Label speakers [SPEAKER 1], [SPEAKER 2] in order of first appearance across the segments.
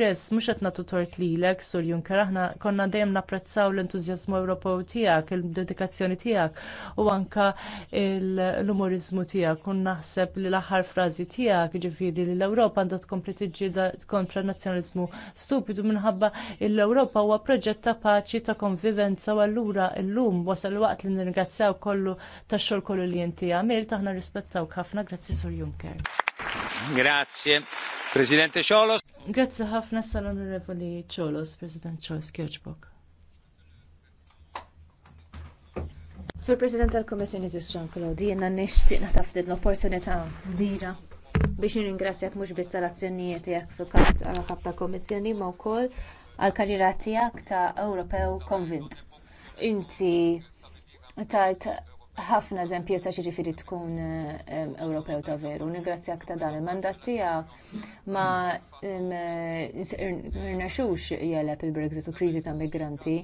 [SPEAKER 1] Press, mhux qed nagħtu tort lilek, Sur Juncker, aħna konna dejjem napprezzaw l-entużjażmu Ewropew tiegħek, il-dedikazzjoni tiegħek u anke l-umorizmu tiegħek. U naħseb li l-aħħar frażi tiegħek, ġifieri li l-Ewropa għandha tkompli tiġġielda kontra nazzjonaliżmu stupidu minħabba l-Ewropa huwa proġett ta' paċi ta' konvivenza u allura llum wasal waqt li nirringrazzjaw kollu tax-xogħol kollu li inti għamilt aħna rispettawk ħafna, grazzi Sur Juncker.
[SPEAKER 2] Grazie. Presidente Ciolos.
[SPEAKER 1] Grazie ħafna sal-Onorevoli Ciolos, President Ciolos Kjoċbok.
[SPEAKER 2] Sur President tal-Komissjoni Zis Klodi, jenna nishtiq naħtaf din l-opportunità kbira biex nirringrazzjak mhux biss tal-azzjonijiet tiegħek fil-kap ta' Komissjoni ma wkoll għall-karriera tiegħek ta' Ewropew konvint. Inti tajt ħafna eżempji ta' xiġifieri tkun ehm, Ewropew ta' veru. Ningrazzjak ta' dan il-mandat tiegħek ma ehm, rnexux jeleb il-Brexit u kriżi ta' migranti.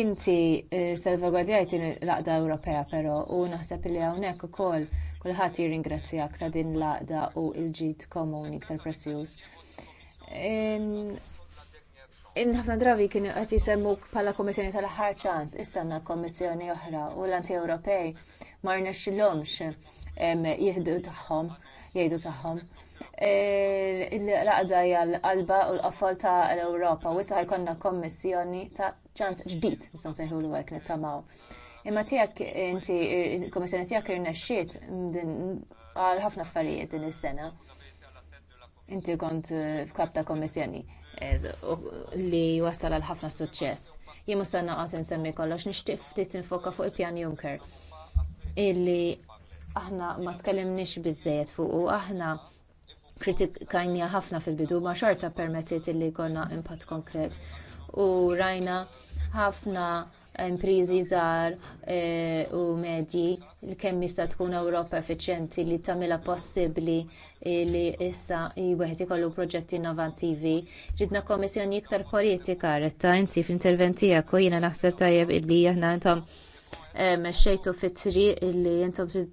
[SPEAKER 2] Inti eh, salvagwardjajt l-aqda Ewropea però u naħseb li hawnhekk ukoll kulħadd jirringrazzjak ta' din l-aqda u l-ġid komuni iktar prezzjuż ehm, in ħafna drabi kienu qed jisemmuk bħala Kummissjoni tal-aħħar ċans, issa għandna Kommissjoni oħra u l-Anti Ewropej ma rnexxilhomx jieħdu tagħhom, jgħidu tagħhom. Il-laqda e, hija l-qalba u l-qofol ta' l-Ewropa u issa ħajkonna Kommissjoni ta' ċans ġdid, nistgħu nsejħulu hekk nittamaw. Imma tiegħek inti l kommissjoni tiegħek irnexxiet għal ħafna affarijiet din is-sena. Inti kont f'kap ta' kommissjoni. Eh, li wassal għal ħafna suċċess. Jien mhux se naqgħod insemmi kollox nixtieq ftit infoka fuq il-pjan Juncker illi aħna ma tkellimniex biżżejjed fuq aħna kritikajnija ħafna fil-bidu ma xorta permettiet illi jkollna impatt konkret u rajna ħafna imprizi żgħar eh, u medji kemm jista' tkun Ewropa effiċjenti li tagħmilha possibbli li issa wieħed ikollu proġetti innovattivi. Ridna Kommissjoni iktar politika retta inti f'intervent tiegħek u jiena naħseb tajjeb li aħna intom eh, mexxejtu fit-triq li intom trid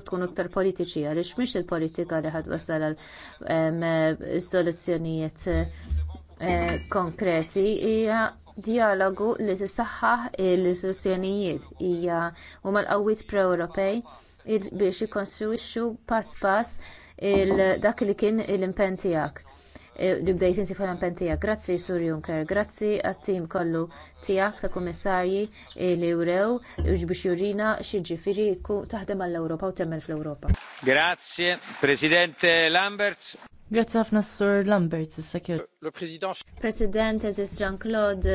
[SPEAKER 2] tkunu iktar politiċi għaliex mhix il-politika li ħadd wasal għal eh, soluzzjonijiet eh, konkreti hija dialogu li tissaħħaħ il istituzzjonijiet hija huma l-qawwiet pro-Ewropej biex jikkonstruixxu pass pass dak li kien l-impenn tiegħek e, li bdejt inti bħala Grazzi Sur Juncker, grazzi għat-tim kollu tiegħek ta' kummissarji li wrew biex jurina x'jiġifieri tkun taħdem għall-Ewropa u temmel fl-Ewropa.
[SPEAKER 3] Grazie, Presidente Lambert.
[SPEAKER 1] Grazzi ħafna Sur Lambert issa kif.
[SPEAKER 2] President Aziz Jean-Claude,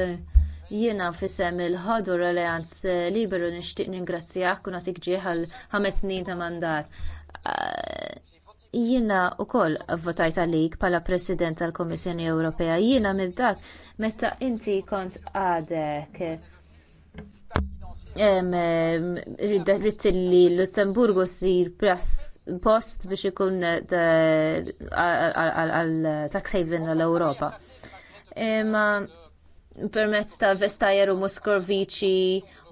[SPEAKER 2] jiena fisem il-ħodur Alleanz Liberu nixtieq ningrazzjak u nagħtik ġieħal ħames snin ta' mandat. Jiena wkoll votajt għalik bħala President tal-Kummissjoni Ewropea. Jiena mill dak meta inti kont għadek rrid li Lussemburgu ssir pras post biex ikun għal eh, tax haven għall-Ewropa. Imma permezz ta' Vestajer u Moskorvici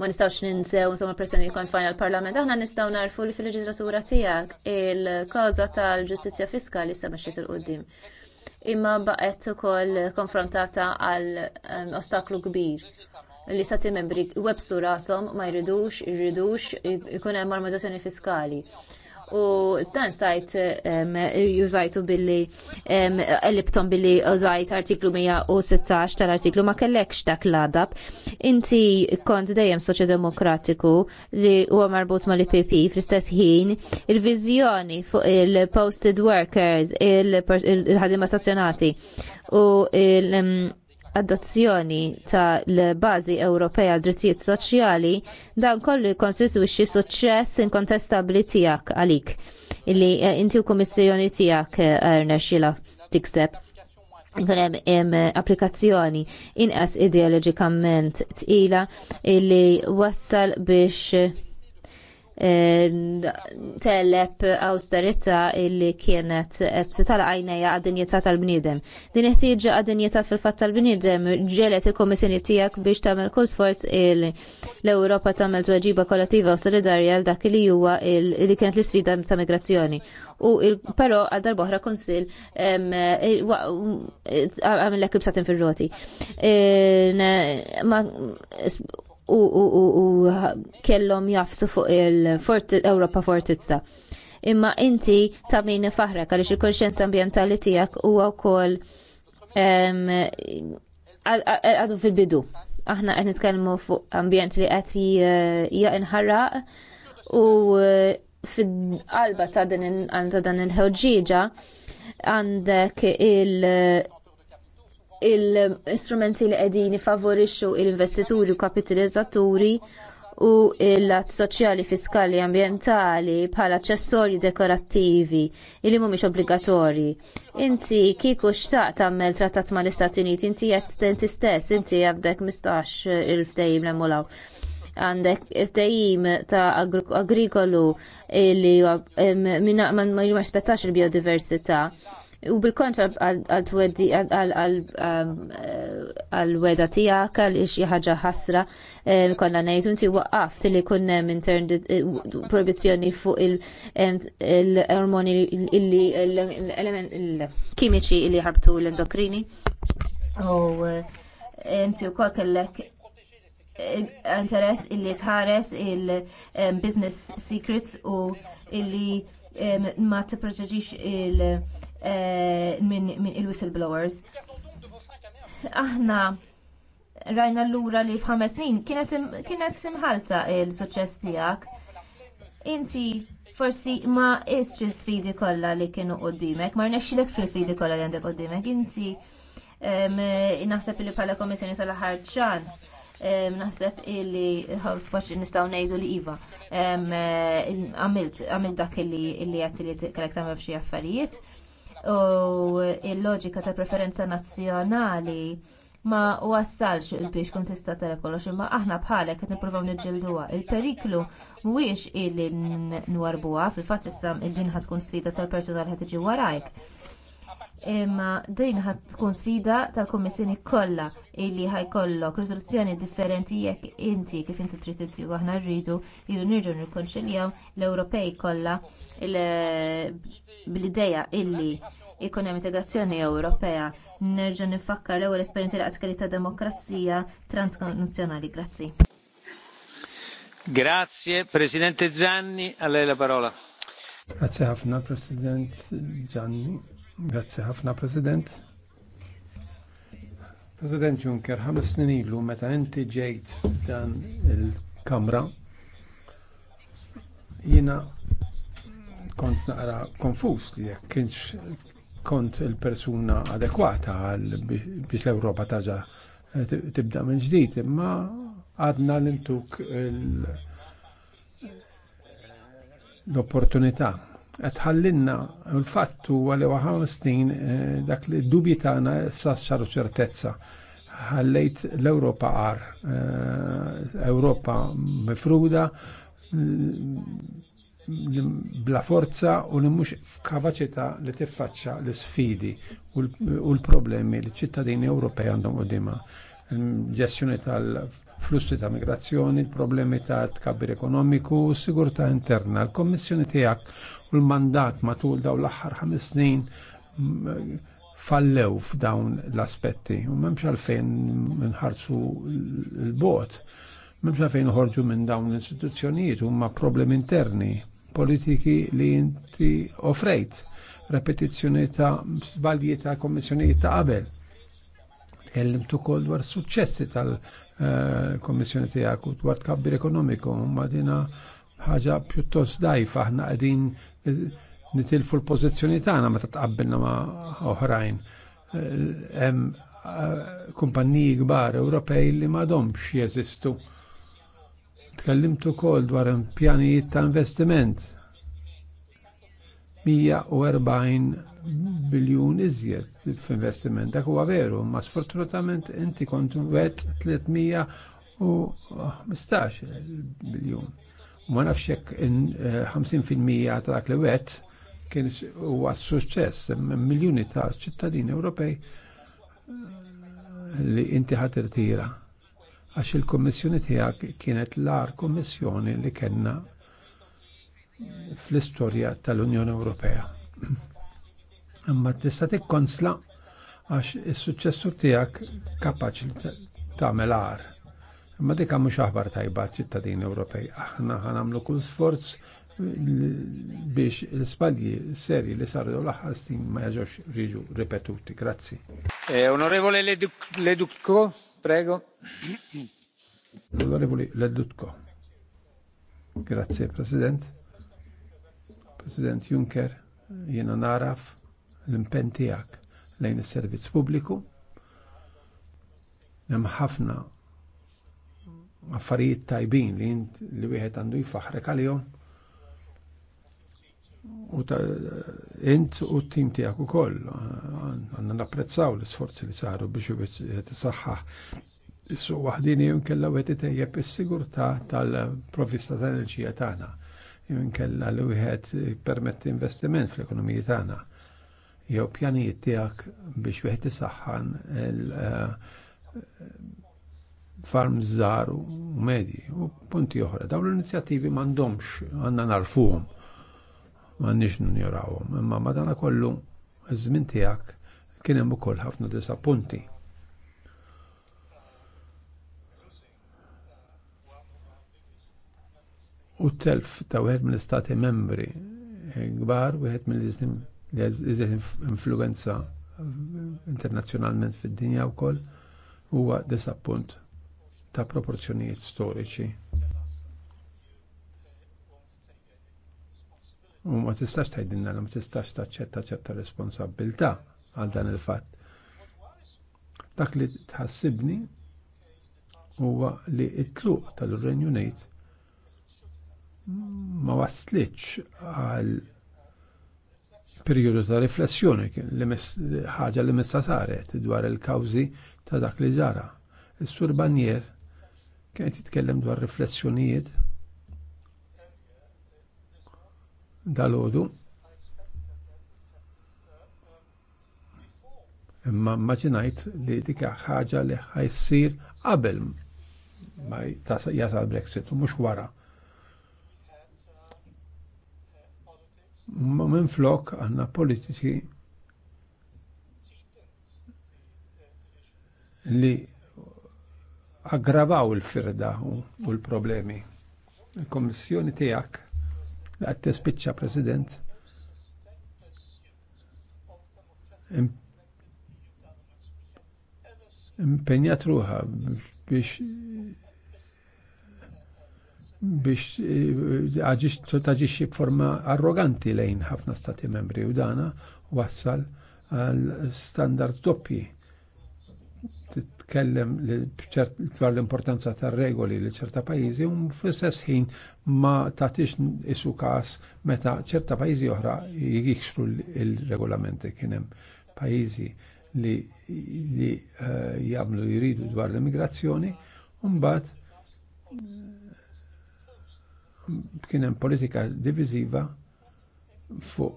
[SPEAKER 2] ma nistawx ninsew insomma persuni li kont fajna l-Parlament, aħna nistaw narfu li fil-leġislatura tiegħek il-kawża tal-ġustizzja fiskali sa mexxiet il qoddim Imma baqgħet ukoll konfrontata għal ehm, ostaklu kbir li sa' membri websu rashom ma jridux, jridux ikun hemm armonizzazzjoni fiskali u dan stajt jużajtu billi elibtom billi użajt artiklu 116 tal-artiklu ma kellekx dak l-adab. Inti kont dejjem soċjodemokratiku li huwa marbut ma l-IPP fl-istess ħin il vizjoni fuq il-posted workers, il-ħadima stazzjonati u il- adozzjoni tal-bażi Ewropea drittijiet soċjali dan kollu jikkonstitwixxi suċċess inkontestabbli tiegħek għalik illi eh, inti u kummissjoni tiegħek eh, rnexxila tikseb Għrem hemm eh, applikazzjoni inqas ideoloġikament tqila illi wassal biex Eh, telep austerita illi kienet qed tal-għajnejja għad-dinjità tal-bniedem. Din iħtieġa għad-dinjità fil-fatt tal-bniedem ġelet il komissjoni tiegħek biex tagħmel kull sforz l-Ewropa tagħmel tweġiba kollettiva u solidarja għal dak li huwa li kienet l sfida ta' migrazzjoni. U però għad darbohra konsil eh, eh, għamil l-ekrib fil-roti u kellhom jafsu fuq il-Europa Fortizza. Imma inti ta' min faħrek il-konxjenza ambjentali tiegħek huwa wkoll għadu fil-bidu. Aħna qed nitkellmu fuq ambjent li qed jinħaraq u fil-qalba ta' dan il-ħewġiġa għandek il- l istrumenti li qegħdin jifavorixxu l-investituri u kapitalizzaturi u l-att soċjali, fiskali, ambjentali bħala aċċessorji dekorattivi li mhumiex obbligatorji. Inti kieku xtaqt tagħmel trattat mal-Istati Uniti, inti qed inti stess, inti għandek mistax il-ftehim l-emulaw għandek il ta' agrikolu li ma spettax il-biodiversità u bil-kontra għal-weda tijak għal ħaġa ħasra konna nejtu nti waqqaft li kunnem intern eh, proibizjoni fuq il-ormoni illi l-kimiċi illi ħabtu l-endokrini u eh, inti u kol kellek eh, interess illi tħares il-business secrets u illi ma t il- Eh, minn il-whistleblowers. Aħna rajna l-lura li f'ħames snin kienet simħalta il-suċċess tiegħek. Inti forsi ma isċi l-sfidi kollha li kienu qoddimek, ma rnexxilek fil-sfidi kollha li għandek qoddimek. Inti naħseb li bħala komissjoni sal ħar ċans naħseb illi faċi nistaw nejdu li Iva għamilt dak illi għatti li kellek tamel f'xi affarijiet u il-loġika ta' preferenza nazzjonali ma wassalx biex kun tista' tara kollox imma aħna bħalek qed nippruvaw niġġilduha. Il-periklu mhuwiex illi nwarbuha fil-fatt issa din ħad tkun sfida tal-personal ħad tiġi warajk. Imma din ħad tkun sfida tal-Kummissjoni kollha illi ħajkollok riżoluzzjoni differenti jekk inti kif inti trid inti aħna rridu jiru nirġu l-Ewropej kollha bl idea illi ikun hemm integrazzjoni Ewropea nerġa' nifakkar l-ewwel esperjenza li qatt kelli ta' demokrazija transnazzjonali. Grazzi.
[SPEAKER 3] Grazie, Presidente Zanni, a lei la parola. Grazie ħafna, President Zanni. Grazie Hafna, President. President Juncker, ħames snin ilu meta inti ġejt dan il-Kamra, jiena kont naqra konfus li jekk kienx kont il-persuna adekwata biex l-Ewropa taġa eh, tibda minn ġdid, imma għadna l-intuk l-opportunità. Għetħallinna l-fattu għalli għu snin eh, dak li dubji tagħna saċċaru ċertezza ħallejt l-Europa għar, Europa eh, mifruda, bla forza u li mhux f'kapaċità li tiffaċċa l-sfidi u l-problemi li ċittadini Ewropej għandhom qudiema. Ġestjoni tal-flussi ta' migrazzjoni, problemi ta' tkabbir ekonomiku, u sigurtà interna. L-Kommissjoni tiegħek u l-mandat matul dawn l-aħħar ħames snin fallew f'dawn l-aspetti u memx għalfejn nħarsu l-bot memx għalfejn uħorġu minn dawn l-istituzzjonijiet huma problemi interni politiki li inti offrejt. Repetizzjoni ta' valji ta' kommissjonijiet ta' qabel. tu kol dwar suċċessi tal-kommissjoni eh, tiegħek u dwar tkabbir ekonomiku ma dina ħaġa pjuttost dajfa aħna qegħdin eh, nitilfu l-pożizzjoni tagħna meta tqabbilna ma' oħrajn eh, kumpanniji kbar Ewropej li m'għadhomx jeżistu Tkellimt ukoll dwar pjanijiet ta' investiment. 140 biljun iżjed f'investiment dak huwa veru, ma sfortunatament inti kont wet 315 biljun. Ma nafx hekk 50% eh, ta' dak li wet kien huwa suċċess miljuni ta' ċittadini Ewropej eh, li inti ħatir tira għax il-Kummissjoni tiegħek kienet l-ar Kummissjoni li kellna fl-istorja tal-Unjoni Ewropea. Imma tista' tikkonsla għax is-suċċessur tiegħek kapaċi tagħmel għar. Imma dik mhux aħbar tajba ċittadini Ewropej. Aħna ħanamlu kull sforz biex l spalji seri li saru l-aħħar ma jaġox riġu ripetuti. Grazzi. Eh, onorevole
[SPEAKER 2] Leducco. Prego.
[SPEAKER 3] Onorevoli Ledutko. Grazie, President. President Juncker, jiena naraf l-impen lejn is-servizz pubbliku. Hemm ħafna affarijiet tajbin li, li wieħed għandu jifaħrek għalihom u ta' int u t-tim tijak u koll għanna napprezzaw l-sforzi li saru biex u biex t saxħa Issu waħdini jinkella u għetit tejjeb il-sigurta tal-provvista tal-enerġija tagħna. Jinkella li wieħed permetti investiment fl-ekonomija tagħna. Jew pjanijiet tiegħek biex wieħed isaħħan eh, farm zaru u medji u punti oħra. Dawn l-inizjattivi m'għandhomx għandna narfuhom m'għandniex ninjorawhom. Imma madana kollu iż-żmien tiegħek kien hemm ukoll ħafna disappunti. U telf ta' wieħed mill-istati membri kbar wieħed mill-iżdim li iżih influenza internazzjonalment fid-dinja wkoll huwa disappunt ta' proporzjonijiet storiċi U ma tistax tgħidilna ma tistax taċċetta ċerta responsabilità għal dan il-fatt. Dak li tħassibni huwa li t-tluq tal-Renju Unit ma waslitx għal periodu ta' riflessjoni ħaġa li missa saret dwar il-kawżi ta' dak li ġara. Is-Sur Banjer kien jitkellem dwar riflessjonijiet dal-ħodu. Imma maġinajt li dik ħaġa li ħajsir qabel ma jasal Brexit u mhux wara. Ma minn flok għandna politiċi li aggravaw il-firda u l-problemi. il komissjoni tijak għat tespiċċa President. Impenjat ruħa biex biex eh, taġiċi forma arroganti lejn ħafna stati membri u dana wassal għal standard doppji tkellem dwar l-importanza tar regoli li ċerta pajjiżi u fl-istess ħin ma tagħtix isu kas meta ċerta pajjiżi oħra jikxru l-regolamenti kien hemm pajjiżi li uh, jagħmlu jridu dwar l-immigrazzjoni u mbagħad kien hemm politika diviżiva fuq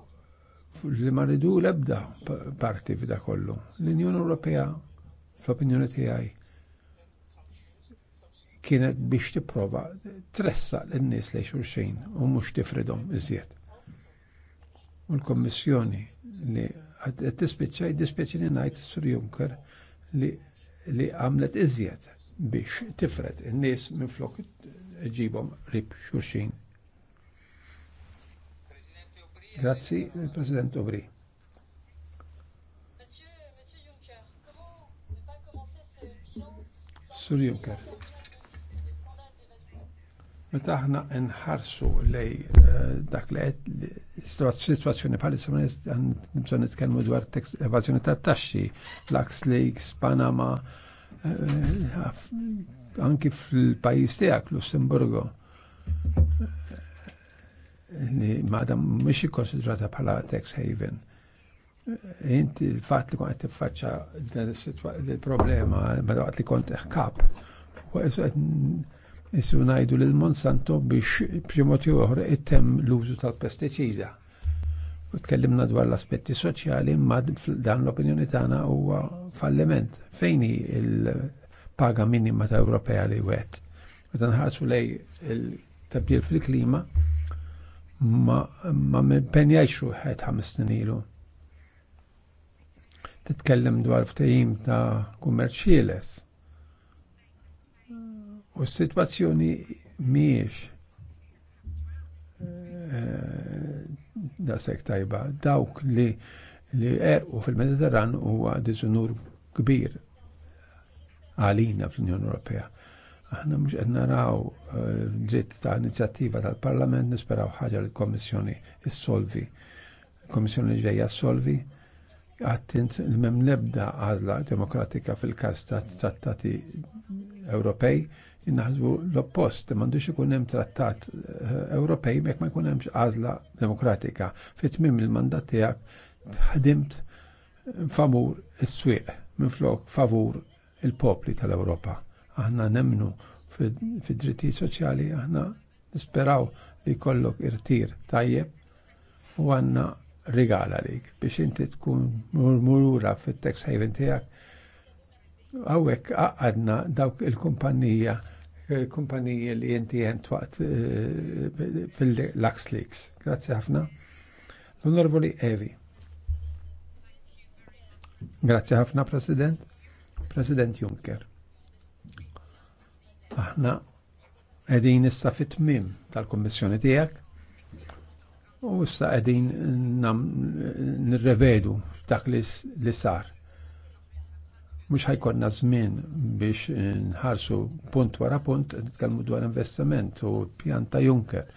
[SPEAKER 3] li ma ridu l-ebda parti f'da kollu. L-Unjoni Ewropea fl-opinjoni tiegħi kienet biex tipprova tressa l-nies li xulxin u mhux tifridhom iżjed. U l-Kommissjoni li qed tispiċċa jdispjaċini ngħid Sur Juncker li li għamlet iżjed biex tifred in-nies minflok ġibhom rib xulxin. Grazzi, President Obri. Sur Juncker. Meta aħna nħarsu lej eh, dak li qed situazzjoni bħalissa ma bżonn nitkellmu dwar evażjoni tat-taxxi, Lux Lakes, Panama, eh, eh, anki fil-pajjiż tiegħek Lussemburgo li madam mhix ikkonsidrata bħala tax haven inti l-fat li kont tiffaċċa l-problema meta waqt li kont kap. Issu ngħidu lil Monsanto biex motiv ieħor ittemm l-użu tal-pestiċida. U tkellimna dwar l-aspetti soċjali imma dan l-opinjoni tagħna huwa falliment. Fejn hi il-paga minima ta' Ewropea li wet? Meta nħarsu lej il-tabdil fil-klima ma ma mpenjajx ruħet ħames snin ilu titkellem dwar ftehim ta' kummerċieles. U s-sitwazzjoni miex eh, da sek tajba. Dawk li li erqu fil-Mediterran huwa diżunur kbir għalina fl-Unjoni Ewropea. Aħna mhux qed naraw eh, dritt ta' inizjattiva tal-Parlament nisperaw ħaġa li l-Kommissjoni issolvi. Il-Kommissjoni ġejja solvi għattint l-mem lebda għazla demokratika fil-kas ta' trattati Ewropej jinnaħzbu l-oppost, mandux ikun hemm trattat eh, Ewropej mek ma jkun hemm għazla demokratika. fit il-mandat tiegħek tħadimt favur is-swieq minflok favur il-popli tal-Ewropa. Aħna nemnu fid-dritti soċjali aħna nisperaw li kollok irtir tajjeb u għanna regala lik biex inti tkun murmurura fit-tax haven tiegħek. Hawnhekk għadna dawk il-kumpanija kumpaniji li inti jent waqt eh, fil-Lux Leaks. Grazzi ħafna. L-Onorevoli Evi. Grazzi ħafna, President. President Juncker. Aħna edin issa fit-tmim tal-Kommissjoni tiegħek U issa qegħdin nirrevedu dak li sar. Mhux ħajkonna żmien biex eh, nħarsu punt wara punt nitkalmu dwar investiment u pjanta Juncker.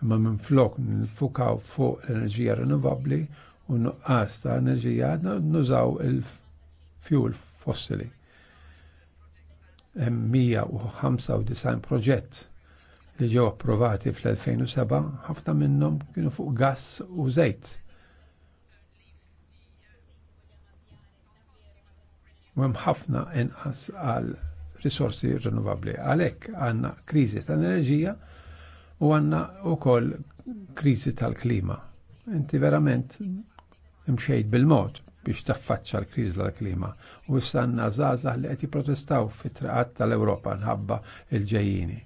[SPEAKER 3] Imma minn flok nfukaw fuq l-enerġija rinnovabbli u nuqqas ta' enerġija nużaw il fjul fossili. 195 proġett li ġew approvati fl-2007 ħafna minnhom kienu fuq gass u żejt. Hemm ħafna inqas għal risorsi rinnovabbli. Għalhekk għandna kriżi tal-enerġija u għandna wkoll kriżi tal-klima. Inti verament imxejt bil-mod biex taffaċċa l-kriżi tal-klima. U issa għandna żgħażagħ li qed jipprotestaw fit-traqat tal-Ewropa nħabba il-ġejjini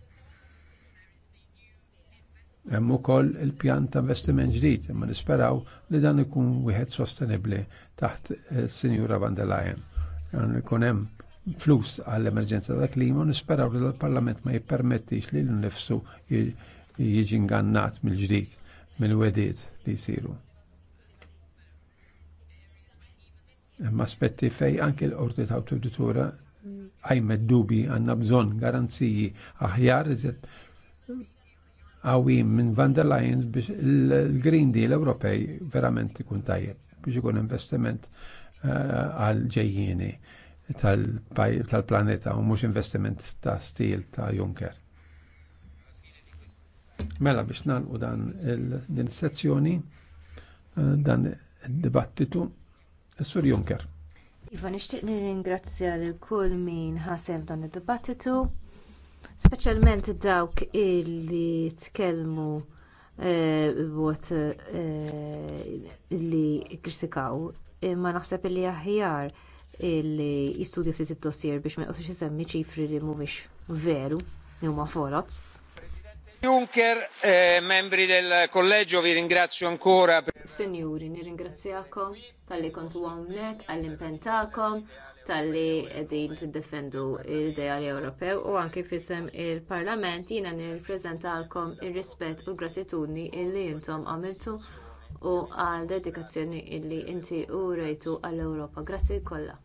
[SPEAKER 3] Hemm ukoll il-pjan ta' investiment ġdid, imma nisperaw li dan ikun wieħed sostenibbli taħt eh, sinjura van der Leyen. Ikun hemm flus għall-emerġenza ta' klima u nisperaw li l-Parlament ma jippermettix li l-nifsu jiġi ngannat mill-ġdid mill-wedid li jsiru. Imma aspetti fej anke l-qorti ta' awtoritura għajmed dubi għanna bżon garanziji aħjar għawim minn Van der Leyen biex il-Green Deal Ewropej verament ikun tajjeb biex ikun investiment eh, għal ġejjini tal-planeta u mhux investiment ta' stil ta' Juncker. Mela biex nalqu dan il sezzjoni eh, dan id-dibattitu Sur Juncker.
[SPEAKER 2] Iva, nixtieq nirringrazzja lil kull min ħasem dan id-dibattitu Speċjalment dawk illi tkellmu eh, bot eh, illi imma naħseb illi aħjar illi jistudja ftit id-dossier biex ma jqosux isemmi ċifri li mhumiex veru li huma forot.
[SPEAKER 3] Juncker, eh, membri del kolleġġo, vi ringrazio ancora. Signori,
[SPEAKER 2] nirringrazzjakom tal-li kontu għawnek, għall-impentakom, tal-li qegħdin tiddefendu l-ideali Ewropew u anke fisem il-Parlament jiena nirrappreżentalkom ir-rispett u l-gratitudni li intom għamiltu u għal dedikazzjoni li inti Rejtu għall-Ewropa. Grazzi kollha.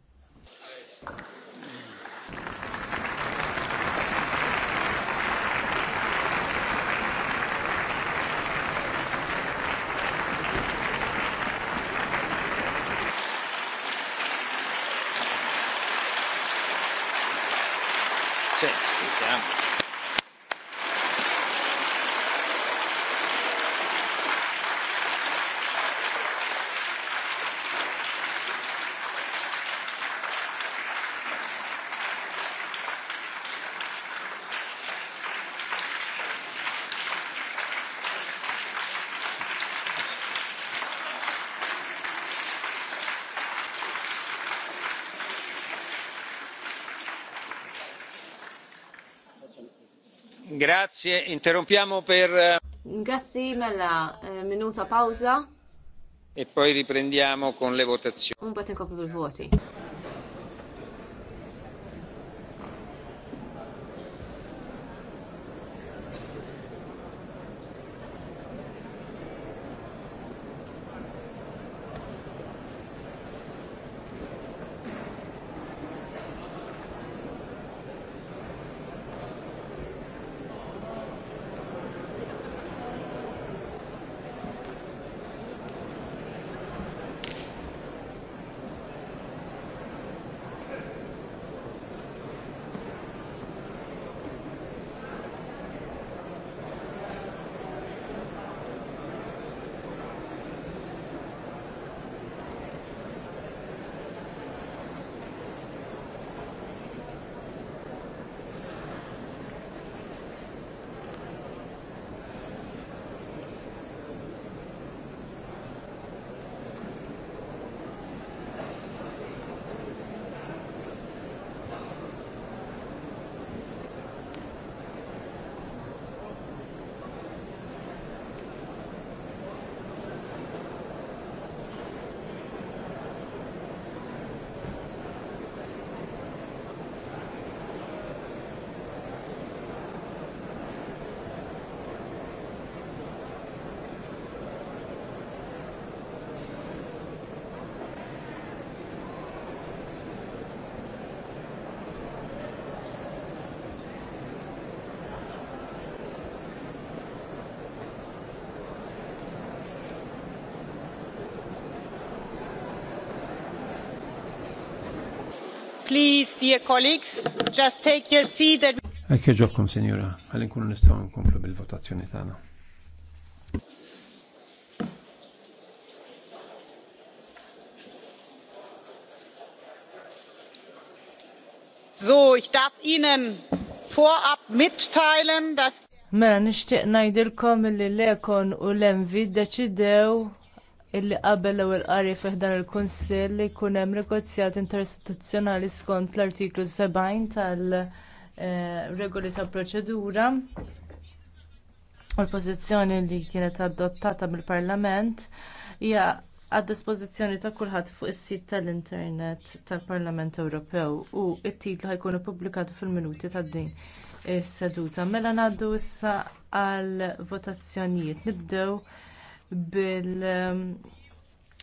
[SPEAKER 2] Grazie, interrompiamo per... Eh, Grazzi, mela, eh, minuta pausa. E poi riprendiamo con le votazioni. Un po' bil-voti.
[SPEAKER 1] please, dear colleagues, just take your seat. And...
[SPEAKER 3] Ekki ġobkom, senjura, għallin kunu nistaw nkomplu bil-votazzjoni tagħna.
[SPEAKER 1] So, ich darf Ihnen vorab mitteilen, dass Mela nixtieq ngħidilkom li lekon u l-Envi deċidew illi qabel l-ewwel qari ħdan il-kunsill li jkun hemm negozjat interistituzzjonali skont l-artiklu 70 tal-regoli eh, ta' proċedura u l-pożizzjoni li kienet adottata mill-Parlament hija għad-dispożizzjoni ta' kulħadd fuq is-sit tal-Internet tal-Parlament Ewropew u t-titlu ħajkun pubblikatu fil-minuti ta' din is-seduta. Mela ngħaddu issa għall votazzjonijiet nibdew bil um,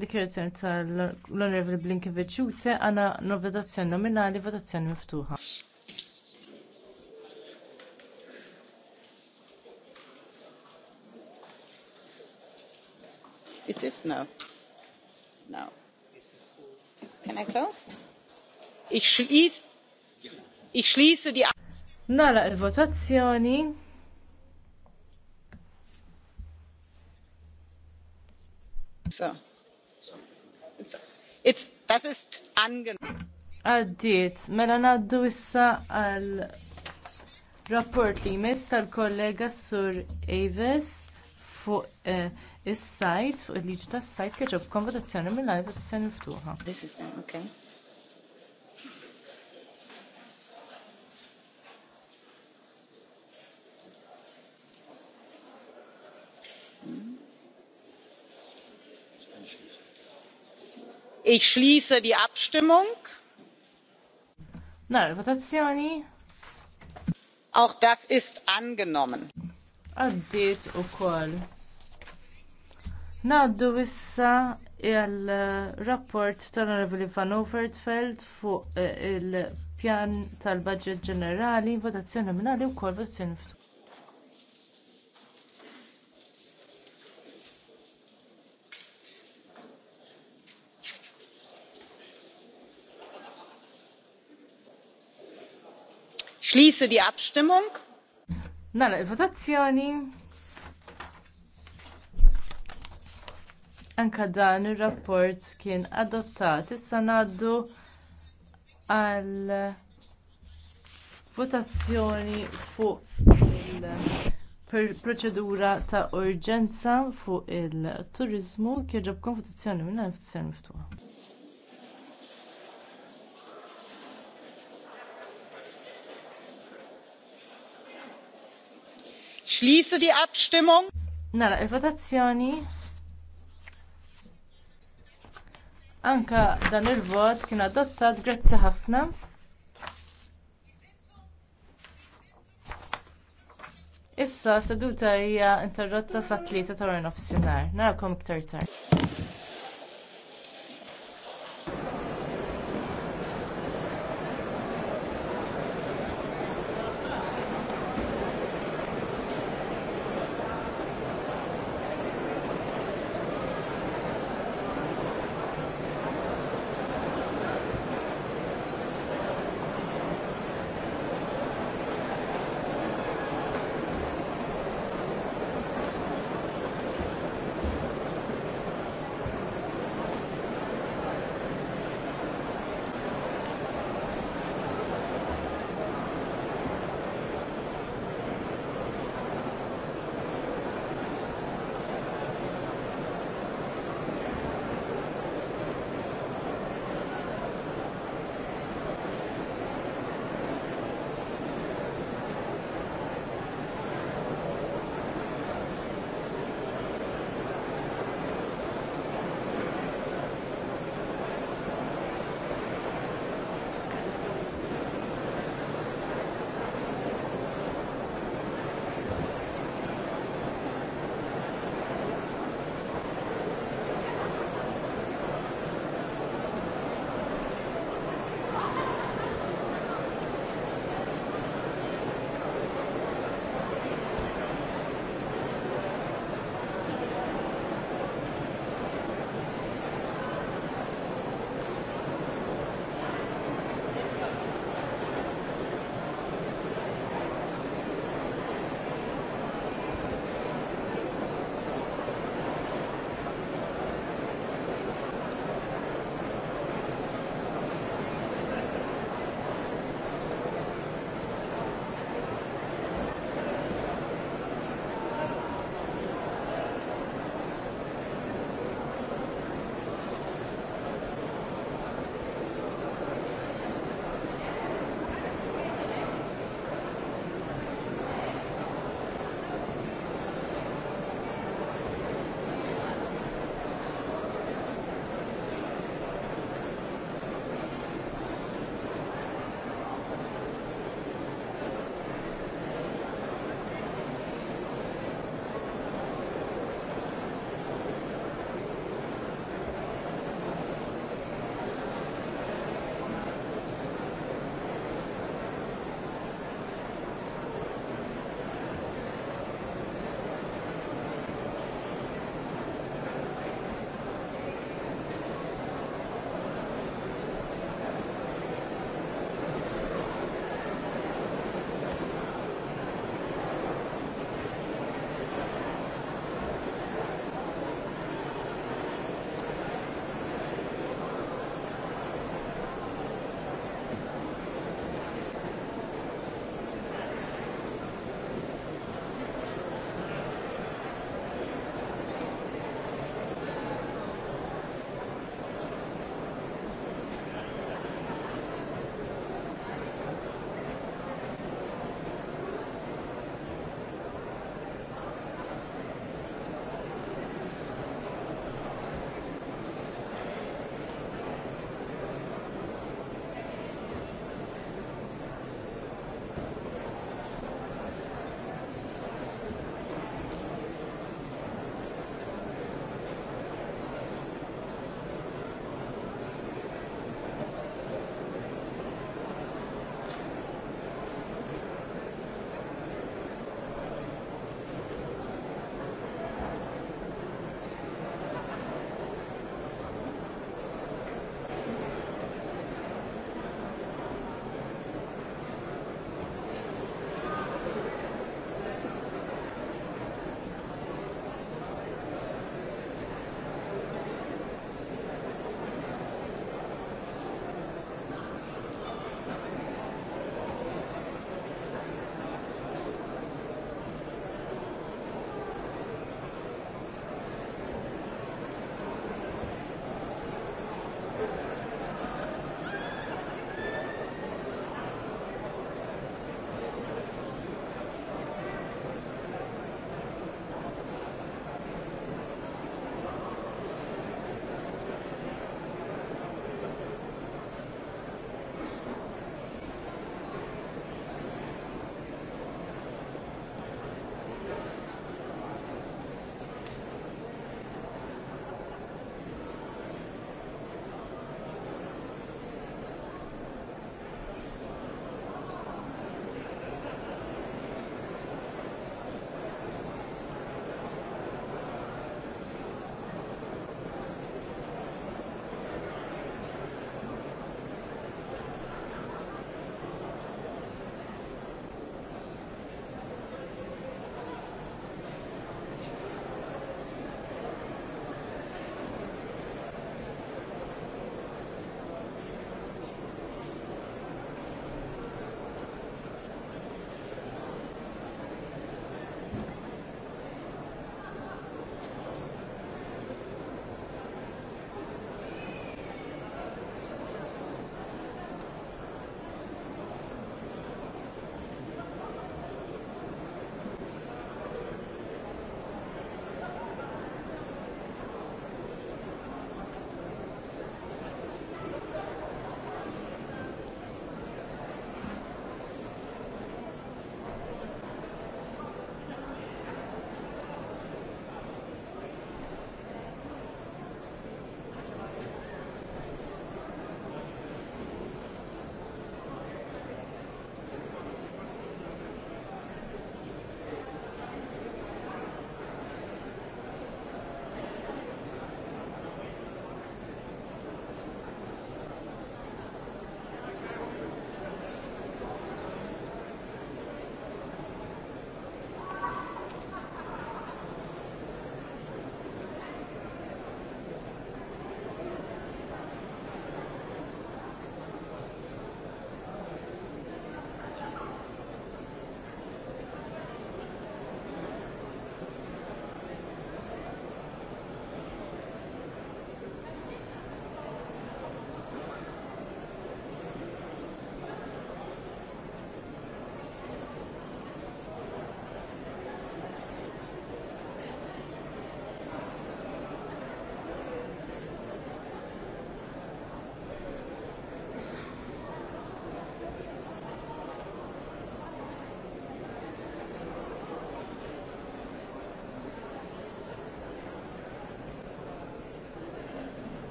[SPEAKER 1] dikjerazzjoni tal-Onorevoli Blinkevich u te għana novedazzjoni nominali votazzjoni miftuħa. Is this no? No. Can I close? Ich schließe, ich schließe die. Nara il-votazzjoni. Għaddiet, mela naddu issa għal rapport li jmiss tal-kollega Sur Avis fuq eh, is-sajt, fuq il-liġi tas-sajt kieġob konvotazzjoni mill-għal votazzjoni miftuħa. This is them, okay. Ich schließe die Abstimmung. Nar votazzjoni. Auch das ist angenommen. u ukoll. Naddu issa il-rapport tal honorable Van Overtfeld fuq eh, il-pjan tal-Budget Ġenerali, votazzjoni nominali wkoll votazzjoni ftuħ. schließe die abstimmung. Nana, il-votazzjoni. Anka dan ir-rapport kien adottat. Issa ngħaddu għal votazzjoni fuq il-proċedura ta' urġenza fuq il-turiżmu kien ġobkom votazzjoni minn votazzjoni miftuħa. Schließe die Abstimmung. Nara il-votazzjoni. Anka dan il-vot kien adottat grazzi ħafna. Issa seduta hija interrotta sa tlieta ta' nofsinhar. Narakom iktar tard.